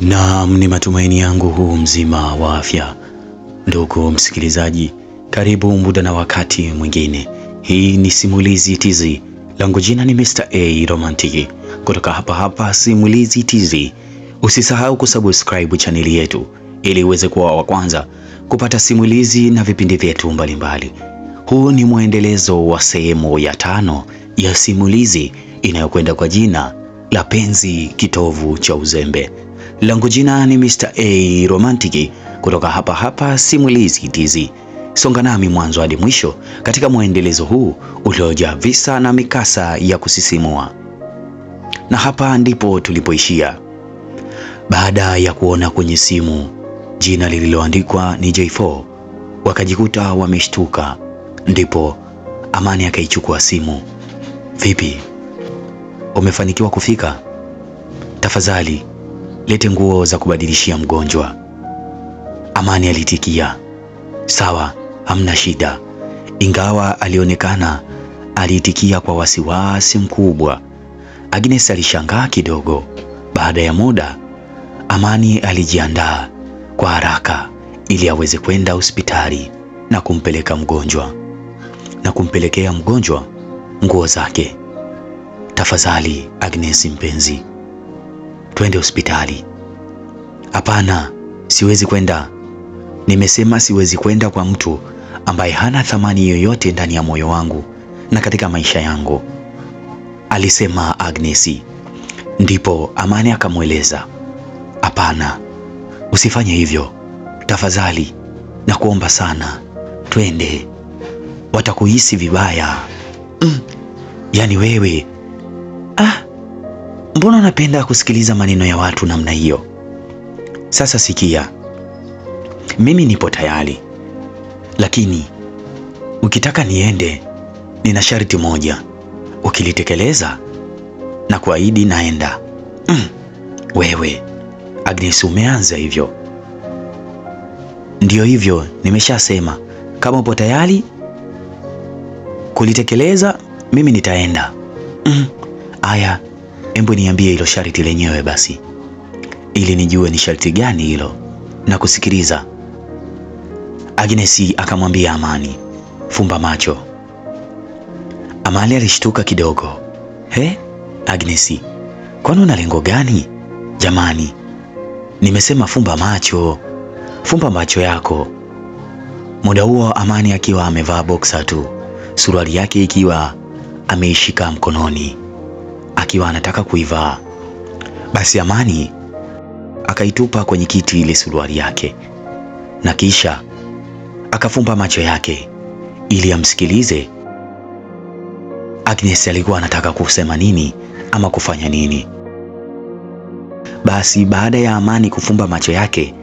Naam, ni matumaini yangu huu mzima wa afya. Ndugu msikilizaji, karibu muda na wakati mwingine. Hii ni Simulizi Tz, langu jina ni Mr. A Romantic kutoka hapa hapa Simulizi Tz. Usisahau kusubscribe chaneli yetu ili uweze kuwa wa kwanza kupata simulizi na vipindi vyetu mbalimbali. Huu ni mwendelezo wa sehemu ya tano ya simulizi inayokwenda kwa jina la Penzi Kitovu cha Uzembe langu jina ni Mr. A Romantic kutoka hapa hapa Simulizi Tz. Songa nami mwanzo hadi mwisho katika mwendelezo huu uliojaa visa na mikasa ya kusisimua. Na hapa ndipo tulipoishia. Baada ya kuona kwenye simu jina lililoandikwa ni J4, wakajikuta wameshtuka. Ndipo Amani akaichukua simu. Vipi, umefanikiwa kufika? Tafadhali lete nguo za kubadilishia mgonjwa. Amani alitikia sawa, hamna shida, ingawa alionekana aliitikia kwa wasiwasi mkubwa. Agnes alishangaa kidogo. Baada ya muda, Amani alijiandaa kwa haraka ili aweze kwenda hospitali na kumpeleka mgonjwa na kumpelekea mgonjwa nguo zake. Tafadhali Agnes mpenzi, twende hospitali. Hapana, siwezi kwenda. Nimesema siwezi kwenda kwa mtu ambaye hana thamani yoyote ndani ya moyo wangu na katika maisha yangu, alisema Agnesi. Ndipo Amani akamweleza, hapana, usifanye hivyo tafadhali, nakuomba sana, twende, watakuhisi vibaya. Mm, yaani wewe ah, Mbona napenda kusikiliza maneno ya watu namna hiyo? Sasa sikia, mimi nipo tayari, lakini ukitaka niende, nina sharti moja. Ukilitekeleza na kuahidi, naenda. Mm, wewe Agnes, umeanza hivyo? Ndiyo hivyo, nimeshasema kama upo tayari kulitekeleza, mimi nitaenda. Mm, aya Embu niambie hilo sharti lenyewe basi, ili nijue ni sharti gani hilo na kusikiliza. Agnesi akamwambia Amani, fumba macho. Amani alishtuka kidogo. He, Agnesi, kwani una lengo gani jamani? Nimesema fumba macho, fumba macho yako. Muda huo Amani akiwa amevaa boksa tu, suruali yake ikiwa ameishika mkononi akiwa anataka kuivaa. Basi Amani akaitupa kwenye kiti ile suruali yake, na kisha akafumba macho yake ili amsikilize Agnes alikuwa anataka kusema nini ama kufanya nini. Basi baada ya Amani kufumba macho yake,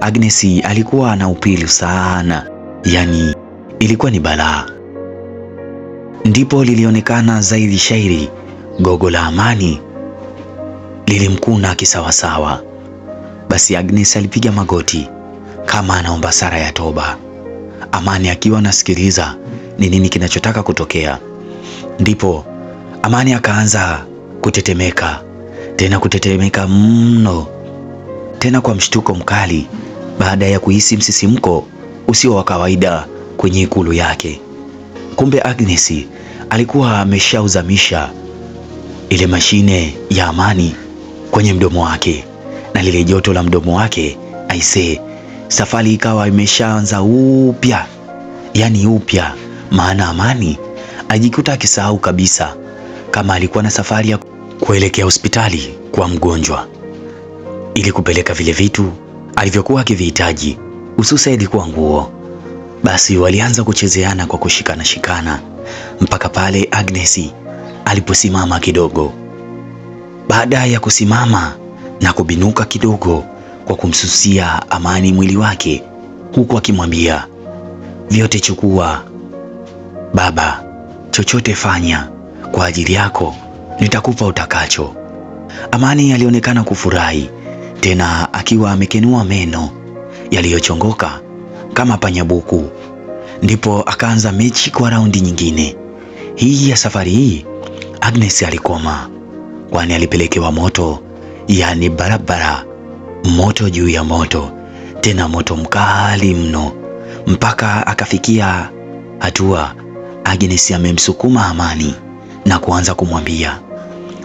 Agnes alikuwa na upilu sana, yani ilikuwa ni balaa. Ndipo lilionekana zaidi shairi gogo la Amani lilimkuna kisawasawa. Basi Agnes alipiga magoti kama anaomba sara ya toba, Amani akiwa anasikiliza ni nini kinachotaka kutokea. Ndipo Amani akaanza kutetemeka tena, kutetemeka mno tena kwa mshtuko mkali, baada ya kuhisi msisimko usio wa kawaida kwenye ikulu yake. Kumbe Agnes alikuwa ameshauzamisha ile mashine ya amani kwenye mdomo wake na lile joto la mdomo wake aisee, safari ikawa imeshaanza upya, yaani upya. Maana Amani ajikuta akisahau kabisa kama alikuwa na safari ya kuelekea hospitali kwa mgonjwa ili kupeleka vile vitu alivyokuwa akivihitaji, hususa ilikuwa nguo. Basi walianza kuchezeana kwa kushikana shikana mpaka pale Agnesi aliposimama kidogo. Baada ya kusimama na kubinuka kidogo kwa kumsusia amani mwili wake, huku akimwambia vyote chukua baba, chochote fanya, kwa ajili yako nitakupa utakacho. Amani alionekana kufurahi tena, akiwa amekenua meno yaliyochongoka kama panyabuku. Ndipo akaanza mechi kwa raundi nyingine, hii ya safari hii Agnes alikoma, kwani alipelekewa moto, yaani barabara, moto juu ya moto, tena moto mkali mno, mpaka akafikia hatua Agnes amemsukuma Amani na kuanza kumwambia,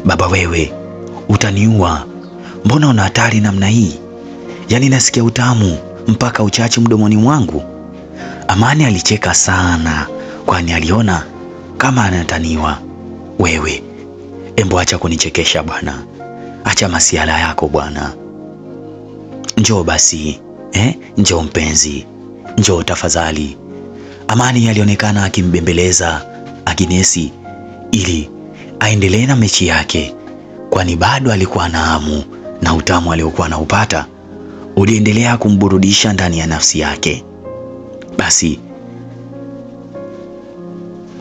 baba, wewe utaniua, mbona una hatari namna hii? Yaani nasikia utamu mpaka uchachi mdomoni mwangu. Amani alicheka sana, kwani aliona kama anataniwa. Wewe embo, acha kunichekesha bwana, acha masiala yako bwana. Njoo basi eh, njoo mpenzi, njoo tafadhali. Amani alionekana akimbembeleza Agnesi ili aendelee na mechi yake, kwani bado alikuwa na hamu na utamu aliokuwa anaupata uliendelea kumburudisha ndani ya nafsi yake. Basi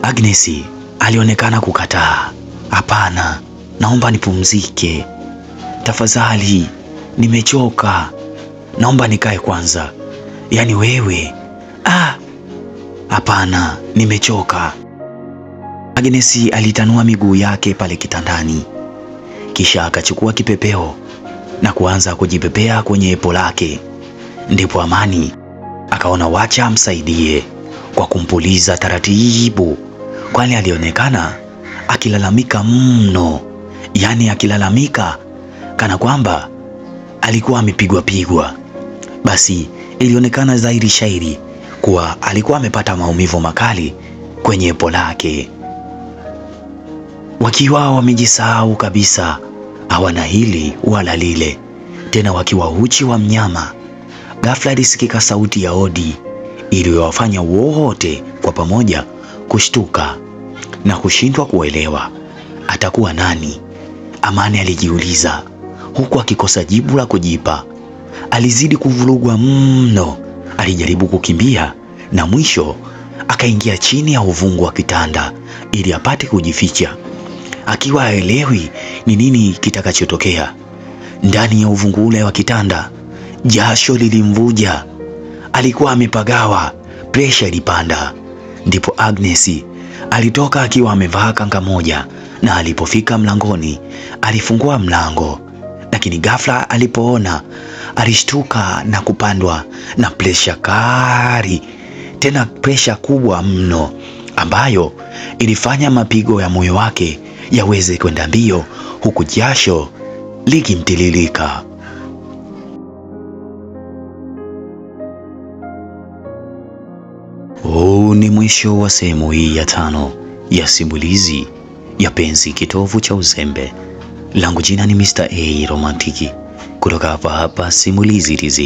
Agnesi alionekana kukataa. Hapana, naomba nipumzike tafadhali, nimechoka, naomba nikae kwanza. Yaani wewe, ah, hapana, nimechoka. Agnesi alitanua miguu yake pale kitandani, kisha akachukua kipepeo na kuanza kujipepea kwenye epo lake. Ndipo Amani akaona wacha amsaidie kwa kumpuliza taratibu kwani alionekana akilalamika mno, yaani akilalamika kana kwamba alikuwa amepigwa pigwa. Basi ilionekana dhahiri shairi kuwa alikuwa amepata maumivu makali kwenye epo lake. Wakiwa wamejisahau kabisa, hawana hili wala lile tena, wakiwa uchi wa mnyama, ghafla ilisikika sauti ya hodi iliyowafanya wote kwa pamoja kushtuka na kushindwa kuelewa atakuwa nani, Amani alijiuliza huku akikosa jibu la kujipa. Alizidi kuvurugwa mno, alijaribu kukimbia na mwisho akaingia chini ya uvungu wa kitanda ili apate kujificha, akiwa haelewi ni nini kitakachotokea ndani ya uvungu ule wa kitanda. Jasho lilimvuja, alikuwa amepagawa, presha ilipanda. Ndipo Agnes Alitoka akiwa amevaa kanga moja, na alipofika mlangoni alifungua mlango, lakini ghafla alipoona alishtuka na kupandwa na presha kali, tena presha kubwa mno ambayo ilifanya mapigo ya moyo wake yaweze kwenda mbio, huku jasho likimtililika. ni mwisho wa sehemu hii ya tano ya simulizi ya penzi kitovu cha uzembe. Langu jina ni Mr. A Romantiki kutoka hapa hapa Simulizi Tz.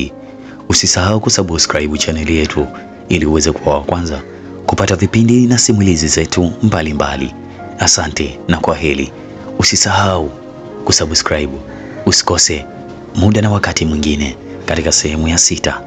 Usisahau kusubscribe chaneli yetu ili uweze kuwa wa kwanza kupata vipindi na simulizi zetu mbalimbali. Asante na kwa heri. Usisahau kusubscribe, usikose muda na wakati mwingine katika sehemu ya sita.